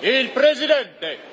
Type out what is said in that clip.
il presidente